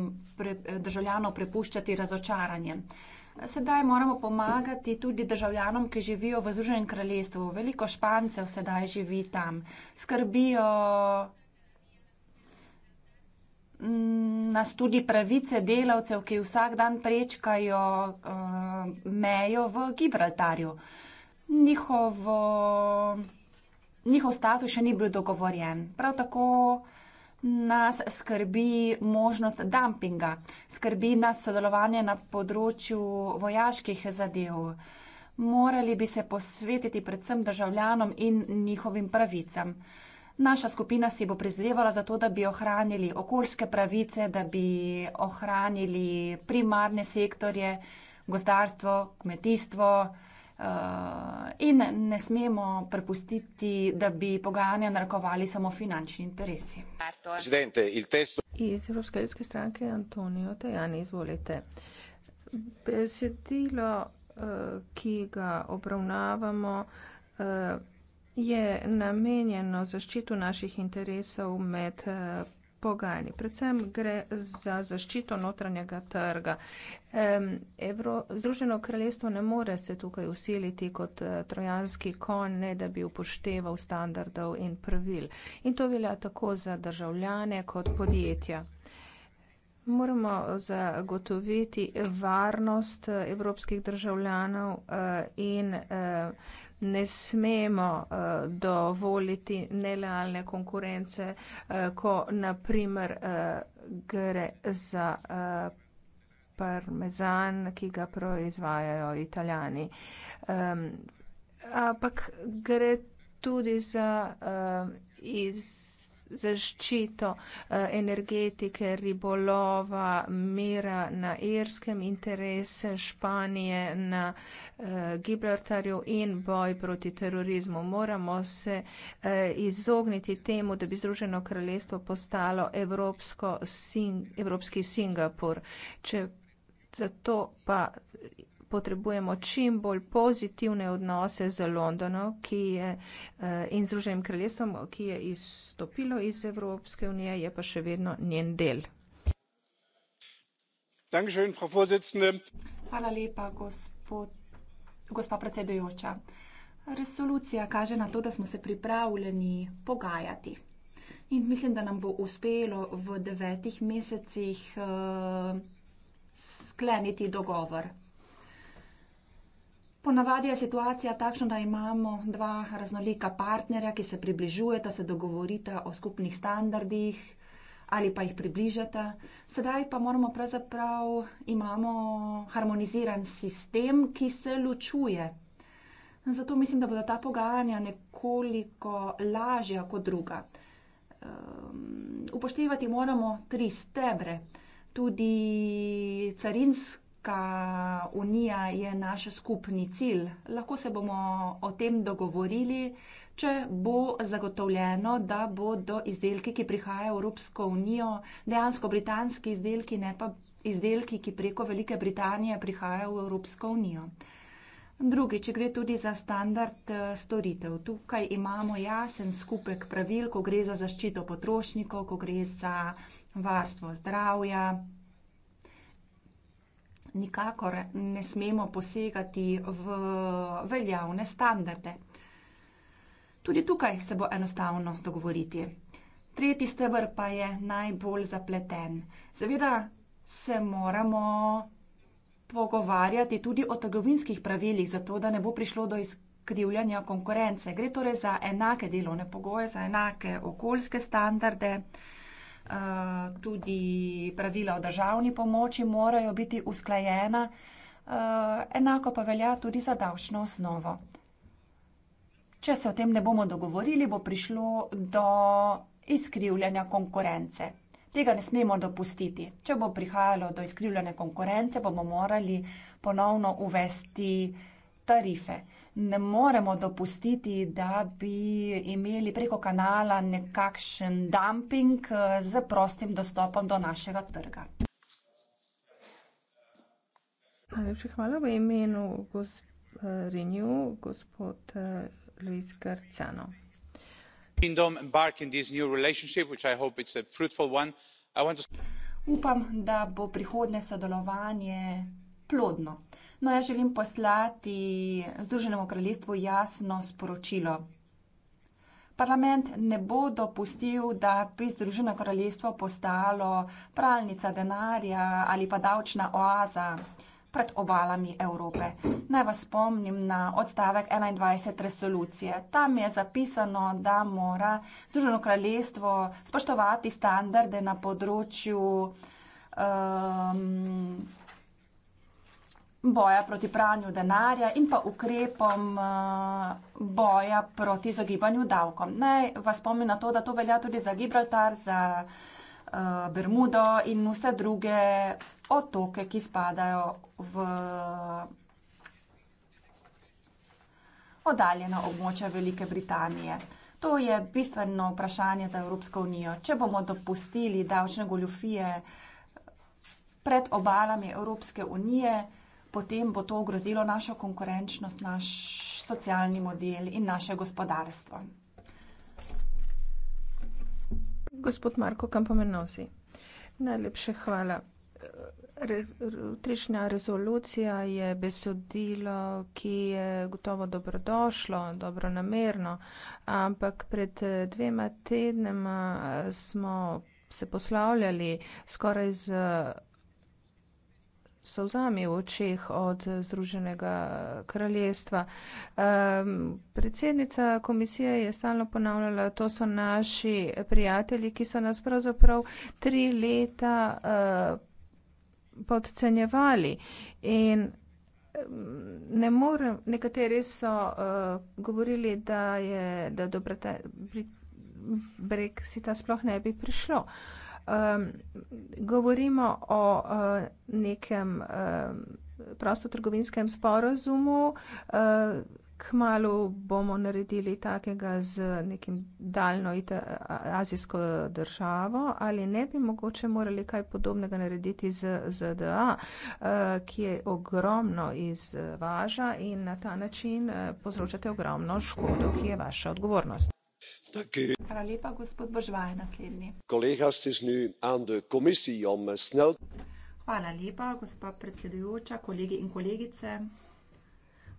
državljanom prepuščati razočaranjem. Sedaj moramo pomagati tudi državljanom, ki živijo v Združenem kraljestvu. Veliko špancev sedaj živi tam. Skrbijo mm, nas tudi pravice delavcev, ki vsak dan prečkajo uh, mejo v Gibraltarju. Njihovo, njihov status še ni bil dogovorjen. Prav tako nas skrbi možnost dumpinga, skrbi nas sodelovanje na področju vojaških zadev. Morali bi se posvetiti predvsem državljanom in njihovim pravicam. Naša skupina si bo prizadevala za to, da bi ohranili okoljske pravice, da bi ohranili primarne sektorje, gozdarstvo, kmetijstvo, Uh, in ne, ne smemo prepustiti, da bi pogajanja narekovali samo finančni interesi. Testu... Iz Evropske ljudske stranke Antonijo Tajani, izvolite. Besedilo, eh, ki ga obravnavamo, eh, je namenjeno zaščitu naših interesov med pogajanji. Predvsem gre za zaščito notranjega trga. Evro, Združeno kraljestvo ne more se tukaj usiliti kot eh, trojanski kon, ne da bi upošteval standardov in pravil. In to velja tako za državljane kot podjetja. Moramo eh, zagotoviti varnost eh, evropskih državljanov in. Evropskih državljanov ne smemo uh, dovoliti nelealne konkurence, uh, ko naprimer uh, eh, gre za uh, parmezan, ki ga proizvajajo italijani. Um, ampak gre tudi za uh, iz zaščito eh, energetike, ribolova, mira na irskem, interese Španije na eh, Gibraltarju in boj proti terorizmu. Moramo se eh, izogniti temu, da bi Združeno kraljestvo postalo evropski Singapur. Če zato pa potrebujemo čim bolj pozitivne odnose z Londonom ki je, eh, in Združenim kraljestvom, ki je izstopilo iz Evropske unije, je pa še vedno njen del. Hvala lepa, gospod, gospa predsedujoča. Resolucija kaže na to, da smo se pripravljeni pogajati. In mislim, da nam bo uspelo v devetih mesecih uh, skleniti dogovor. Ponavadi je situacija takšna, da imamo dva raznolika partnerja, ki se približujeta, se dogovorita o skupnih standardih ali pa jih približata. Sedaj pa moramo pravzaprav imamo harmoniziran sistem, ki se ločuje. Zato mislim, da bodo ta pogajanja nekoliko lažja kot druga. Um, upoštevati moramo tri stebre, tudi carinske. Evropska unija je naš skupni cilj. Lahko se bomo o tem dogovorili, če bo zagotovljeno, da bodo izdelki, ki prihajajo v Evropsko unijo, dejansko britanski izdelki, ne pa izdelki, ki preko Velike Britanije prihajajo v Evropsko unijo. Drugi, če gre tudi za standard eh, storitev. Tukaj imamo jasen skupek pravil, ko gre za zaščito potrošnikov, ko gre za varstvo zdravja, nikakor ne smemo posegati v veljavne standarde. Tudi tukaj se bo enostavno dogovoriti. Tretji stebr pa je najbolj zapleten. Seveda se moramo pogovarjati tudi o trgovinskih pravilih, zato da ne bo prišlo do izkrivljanja konkurence. Gre torej za enake delovne pogoje, za enake okoljske standarde. Eh, tudi pravila o državni pomoči morajo biti usklajena, eh, enako pa velja tudi za davčno osnovo. Če se o tem ne bomo dogovorili, bo prišlo do izkrivljanja konkurence. Tega ne smemo dopustiti. Če bo prihajalo do izkrivljanja konkurence, bomo morali ponovno uvesti tarife ne moremo dopustiti, da bi imeli preko kanala nekakšen dumping z eh, prostim dostopom do našega trga. Najlepša hvala v imenu gospodinju, eh, gospod eh, Luis Garciano. Upam, da bo prihodnje sodelovanje plodno. No, jaz želim poslati Združenemu kraljestvu jasno sporočilo. Parlament ne bo dopustil, da bi Združeno kraljestvo postalo pralnica denarja ali pa davčna oaza pred obalami Evrope. Naj vas spomnim na odstavek 21 resolucije. Tam je zapisano, da mora Združeno kraljestvo spoštovati standarde na področju um, boja proti pranju denarja in pa ukrepom eh, boja proti zagibanju davkom. Naj vas spomnim na to, da to velja tudi za Gibraltar, za eh, Bermudo in vse druge otoke, ki spadajo v oddaljena območja Velike Britanije. To je bistveno vprašanje za Evropsko unijo. Če bomo dopustili davčne goljufije pred obalami Evropske unije, potem bo to ogrozilo našo konkurenčnost, naš socialni model in naše gospodarstvo. Gospod Marko, kam pa me nosi? Najlepše hvala. Trišnja rezolucija je besedilo, ki je gotovo dobrodošlo, dobro namerno, ampak pred dvema tednema smo se poslavljali skoraj z solzami v očeh od Združenega kraljestva. Um, predsednica komisije je stalno ponavljala, to so naši prijatelji, ki so nas pravzaprav tri leta uh, podcenjevali in Ne more, nekateri so uh, govorili, da, je, da do Brexita sploh ne bi prišlo. Uh, um, govorimo o uh, nekem uh, prostotrgovinskem sporazumu. Uh, eh, Kmalo bomo naredili takega z nekim daljno azijsko državo ali ne bi mogoče morali kaj podobnega narediti z ZDA, eh, ki je ogromno izvaža in na ta način povzročate ogromno škodo, ki je vaša odgovornost. Hvala lepa, gospod Božvaj, naslednji. Kolega Stisny an de Commissie om eh, snel. Hvala lepa, gospa predsedujoča, kolegi in kolegice.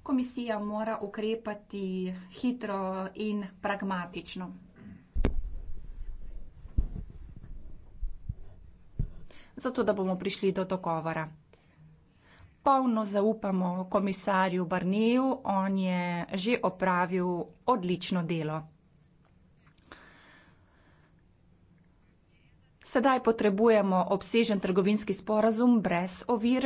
Komisija mora ukrepati hitro in pragmatično. Zato, da bomo prišli do dogovora. Polno zaupamo komisarju Barneju, on je že opravil odlično delo. sedaj potrebujemo obsežen trgovinski sporazum brez ovir.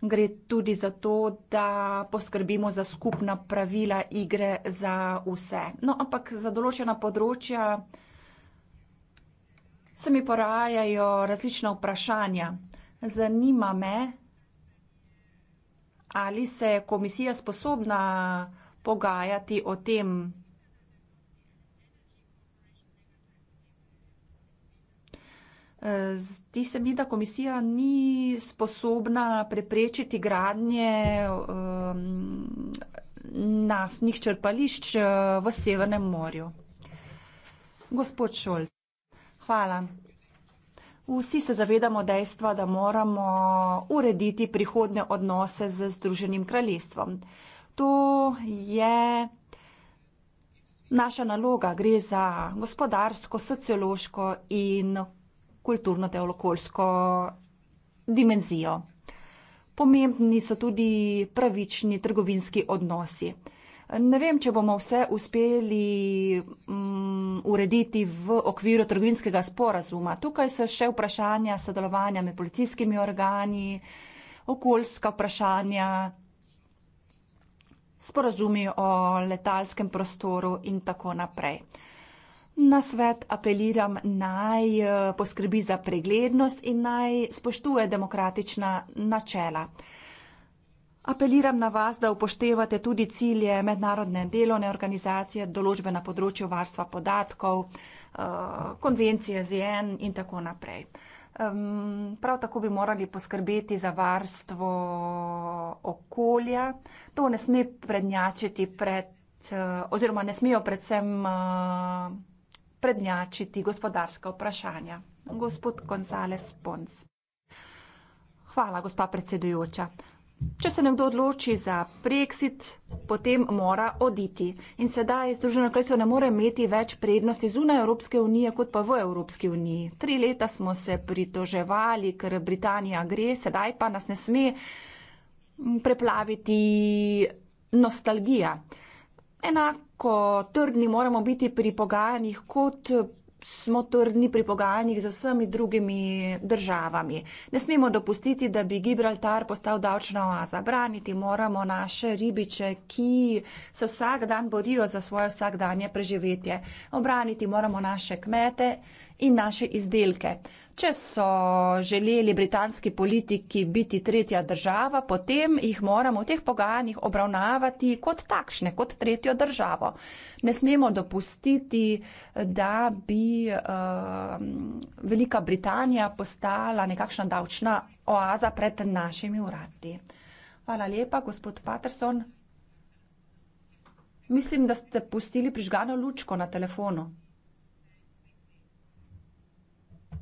Gre tudi za to, da poskrbimo za skupna pravila igre za vse. No, ampak za določena področja se mi porajajo različna vprašanja. Zanima me, ali se je komisija sposobna pogajati o tem, Zdi se mi, da komisija ni sposobna preprečiti gradnje um, naftnih črpališč uh, v Severnem morju. Gospod Šol, hvala. Vsi se zavedamo dejstva, da moramo urediti prihodne odnose z Združenim kraljestvom. To je naša naloga, gre za gospodarsko, sociološko in kulturno-teološko dimenzijo. Pomembni so tudi pravični trgovinski odnosi. Ne vem, če bomo vse uspeli um, urediti v okviru trgovinskega sporazuma. Tukaj so še vprašanja sodelovanja med policijskimi organi, okoljska vprašanja, sporazumi o letalskem prostoru in tako naprej. Na svet apeliram naj eh, poskrbi za preglednost in naj spoštuje demokratična načela. Apeliram na vas, da upoštevate tudi cilje mednarodne delovne organizacije, določbe na področju varstva podatkov, eh, konvencije ZN in tako naprej. Prav tako bi morali poskrbeti za varstvo okolja. To ne sme prednjačiti pred, eh, oziroma ne smejo predvsem prednjačiti gospodarska vprašanja. Gospod Gonzales Pons. Hvala, gospa predsedujoča. Če se nekdo odloči za Brexit, potem mora oditi. In sedaj Združeno kraljestvo ne more imeti več prednosti zunaj Evropske unije, kot pa v Evropski uniji. Tri leta smo se pritoževali, ker Britanija gre, sedaj pa nas ne sme preplaviti nostalgija. Enako nekako trdni moramo biti pri pogajanjih, kot smo trdni pri pogajanjih z vsemi drugimi državami. Ne smemo dopustiti, da bi Gibraltar postal davčna oaza. Braniti moramo naše ribiče, ki se vsak dan borijo za svoje vsakdanje preživetje. Obraniti moramo naše kmete in naše izdelke. Če so želeli britanski politiki biti tretja država, potem jih moramo v teh pogajanjih obravnavati kot takšne, kot tretjo državo. Ne smemo dopustiti, da bi uh, Velika Britanija postala nekakšna davčna oaza pred našimi urati. Hvala lepa, gospod Paterson. Mislim, da ste pustili prižgano lučko na telefonu.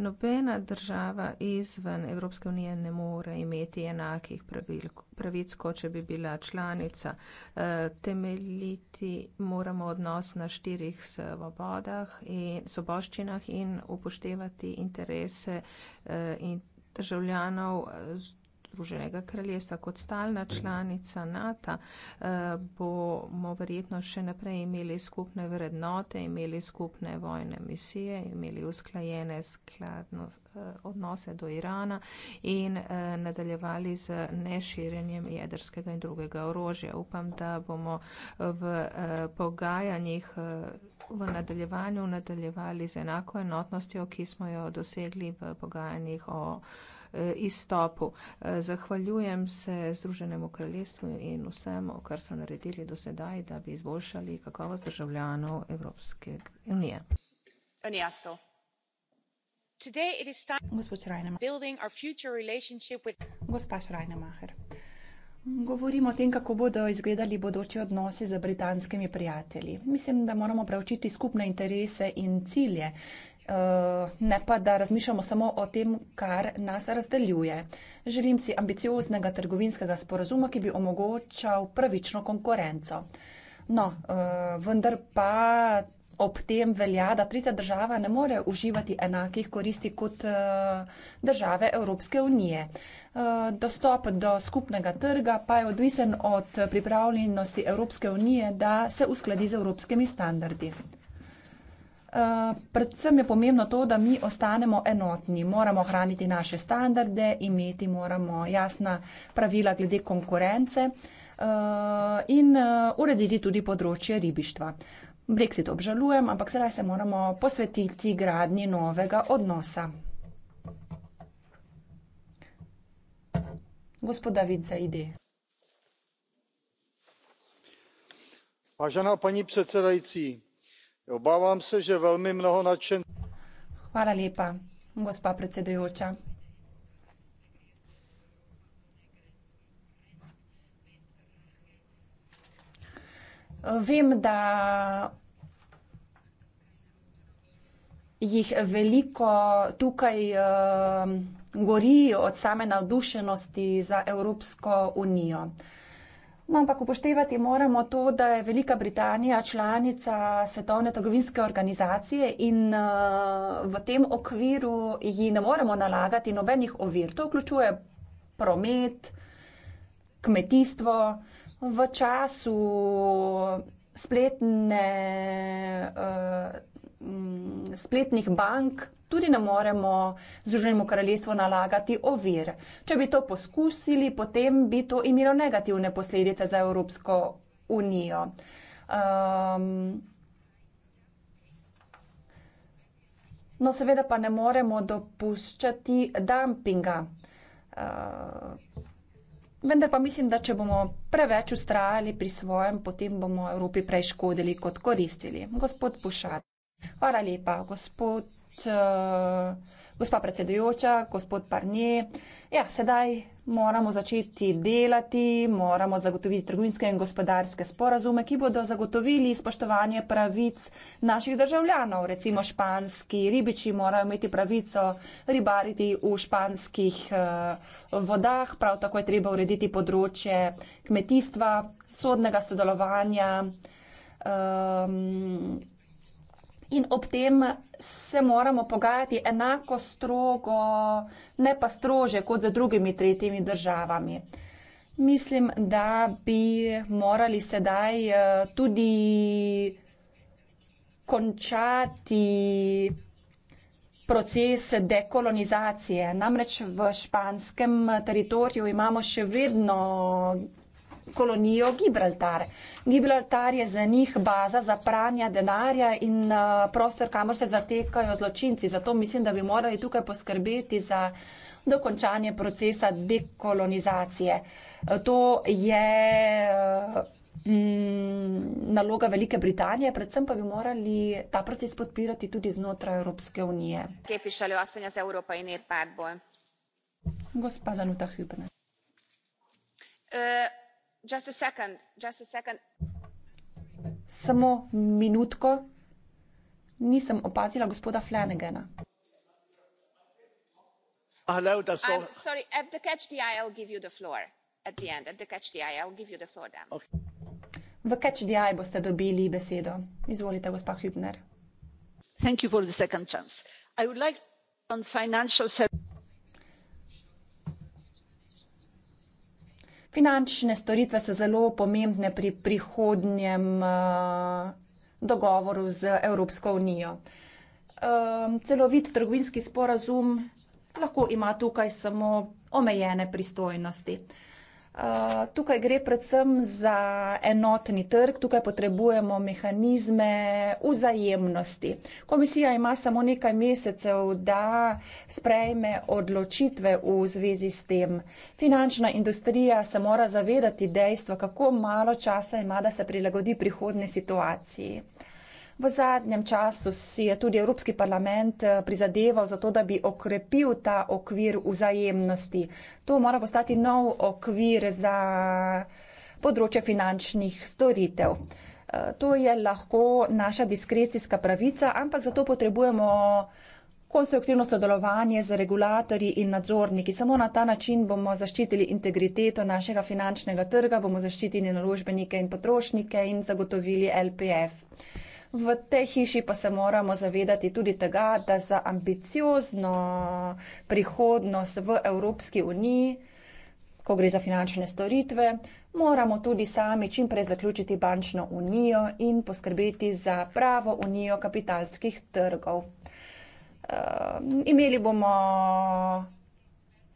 Nobena država izven Evropske unije ne more imeti enakih pravil, pravic, kot če bi bila članica. E, eh, temeliti moramo odnos na štirih svobodah in soboščinah in upoštevati interese e, in državljanov. E, Združenega kraljestva kot stalna članica NATO, eh, bomo verjetno še naprej imeli skupne vrednote, imeli skupne vojne misije, imeli usklajene skladno, eh, odnose do Irana in eh, nadaljevali z neširjenjem jedrskega in drugega orožja. Upam, da bomo v pogajanjih v nadaljevanju nadaljevali z enako enotnostjo, ki smo jo dosegli v pogajanjih o Eh, izstopu. Eh, zahvaljujem se Združenemu kraljestvu in vsemu, kar so naredili do sedaj, da bi izboljšali kakovost državljanov Evropske unije. Gospa Schreinemacher, govorimo o tem, kako bodo izgledali bodoči odnosi z britanskimi prijatelji. Mislim, da moramo preučiti skupne interese in cilje, Eh, ne pa, da razmišljamo samo o tem, kar nas razdeljuje. Želim si ambicioznega trgovinskega sporazuma, ki bi omogočal pravično konkurenco. No, eh, vendar pa ob tem velja, da tretja država ne more uživati enakih koristi kot eh, države Evropske unije. Dostop do skupnega trga pa je odvisen od pripravljenosti Evropske unije, da se uskladi z evropskimi standardi. Eh, predvsem je pomembno to, da mi ostanemo enotni. Moramo hraniti naše standarde, imeti moramo jasna pravila glede konkurence uh, in uh, urediti tudi področje ribištva. Brexit obžalujem, ampak sedaj se moramo posvetiti gradni novega odnosa. Gospoda Vidza, ide. Vážená paní předsedající, Obávam se, že velmi mnoho nadšen... Hvala lepa, gospa predsedujoča. Vem, da jih veliko tukaj eh, gori od same navdušenosti za Evropsko unijo. No, ampak upoštevati moramo to, da je Velika Britanija članica Svetovne trgovinske organizacije in uh, v tem okviru ji ne moremo nalagati nobenih ovir. To vključuje promet, kmetijstvo. V času spletne, uh, spletnih bank tudi ne moremo Združenemu kraljestvu nalagati ovir. Če bi to poskusili, potem bi to imelo negativne posledice za Evropsko unijo. Um, no, seveda pa ne moremo dopuščati dumpinga. Uh, vendar pa mislim, da če bomo preveč ustrajali pri svojem, potem bomo Evropi prej škodili kot koristili. Gospod Pušat. Hvala lepa, gospod Eh, gospa predsedujoča, gospod Parnje, ja, sedaj moramo začeti delati, moramo zagotoviti trgovinske in gospodarske sporazume, ki bodo zagotovili spoštovanje pravic naših državljanov. Recimo španski ribiči morajo imeti pravico ribariti v španskih eh, vodah, prav tako je treba urediti področje kmetijstva, sodnega sodelovanja. Ehm, in ob tem se moramo pogajati enako strogo, ne pa strože kot z drugimi tretjimi državami. Mislim, da bi morali sedaj eh, tudi končati proces dekolonizacije. Namreč v španskem teritoriju imamo še vedno kolonijo Gibraltar. Gibraltar je za njih baza za pranja denarja in uh, prostor, kamor se zatekajo zločinci. Zato mislim, da bi morali tukaj poskrbeti za dokončanje procesa dekolonizacije. Uh, to je uh, mm, naloga Velike Britanije, predvsem pa bi morali ta proces podpirati tudi znotraj Evropske unije. Gospoda Luta Hübner just a second, just a second. Samo minutko. Nisem opazila gospoda Flanagana. Ah, hello, that's all. I'm sorry, at the catch the eye, I'll give you the floor. At the end, at the catch the eye, I'll give you the floor then. Okay. V catch the eye boste dobili besedo. Izvolite, gospa Hübner. Thank you for the second chance. I would like on financial services. Finančne storitve so zelo pomembne pri prihodnjem eh, dogovoru z Evropsko unijo. Ehm, celovit trgovinski sporazum lahko ima tukaj samo omejene pristojnosti. Eh, tukaj gre predvsem za enotni trg, tukaj potrebujemo mehanizme vzajemnosti. Komisija ima samo nekaj mesecev, da sprejme odločitve v zvezi s tem. Finančna industrija se mora zavedati dejstva, kako malo časa ima, da se prilagodi prihodne situacije. V zadnjem času si je tudi Evropski parlament eh, prizadeval za to, da bi okrepil ta okvir vzajemnosti. To mora postati nov okvir za področje finančnih storitev. Eh, to je lahko naša diskrecijska pravica, ampak zato potrebujemo konstruktivno sodelovanje z regulatorji in nadzorniki. Samo na ta način bomo zaščitili integriteto našega finančnega trga, bomo zaščitili naložbenike in potrošnike in zagotovili LPF. V tej hiši pa se moramo zavedati tudi tega, da za ambiciozno prihodnost v Evropski uniji, ko gre za finančne storitve, moramo tudi sami čimprej zaključiti bančno unijo in poskrbeti za pravo unijo kapitalskih trgov. Uh, imeli bomo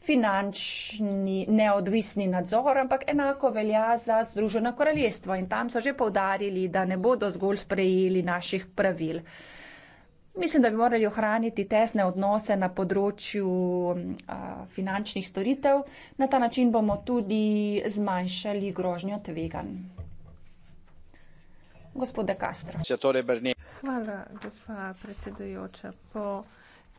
finančni neodvisni nadzor, ampak enako velja za Združeno kraljestvo in tam so že povdarili, da ne bodo zgolj sprejeli naših pravil. Mislim, da bi morali ohraniti tesne odnose na področju a, finančnih storitev. Na ta način bomo tudi zmanjšali grožnjo tvegan. Gospod De Castro. Hvala, gospa predsedujoča. Po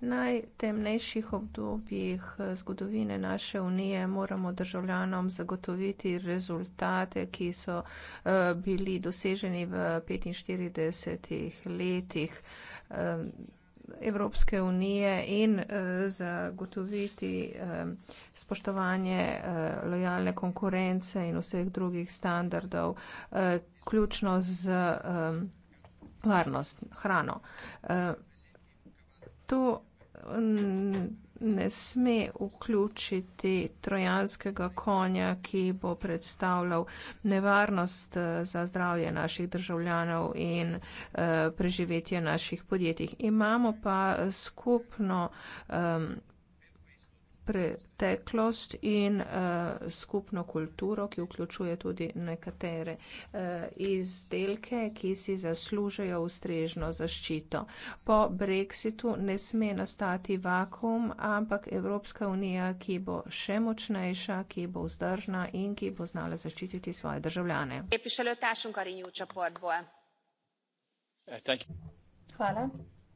najtemnejših obdobjih eh, zgodovine naše unije moramo državljanom zagotoviti rezultate, ki so eh, bili doseženi v 45 letih eh, Evropske unije in zagotoviti spoštovanje lojalne konkurence in vseh drugih standardov, ključno z varnost, hrano to ne sme vključiti trojanskega konja, ki bo predstavljal nevarnost eh, za zdravje naših državljanov in eh, preživetje naših podjetij. Imamo pa eh, skupno preteklost in uh, skupno kulturo, ki vključuje tudi nekatere uh, izdelke, ki si zaslužajo ustrežno zaščito. Po brexitu ne sme nastati vakum, ampak Evropska unija, ki bo še močnejša, ki bo vzdržna in ki bo znala zaščititi svoje državljane. Eh, Hvala.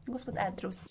Gospod Andrews.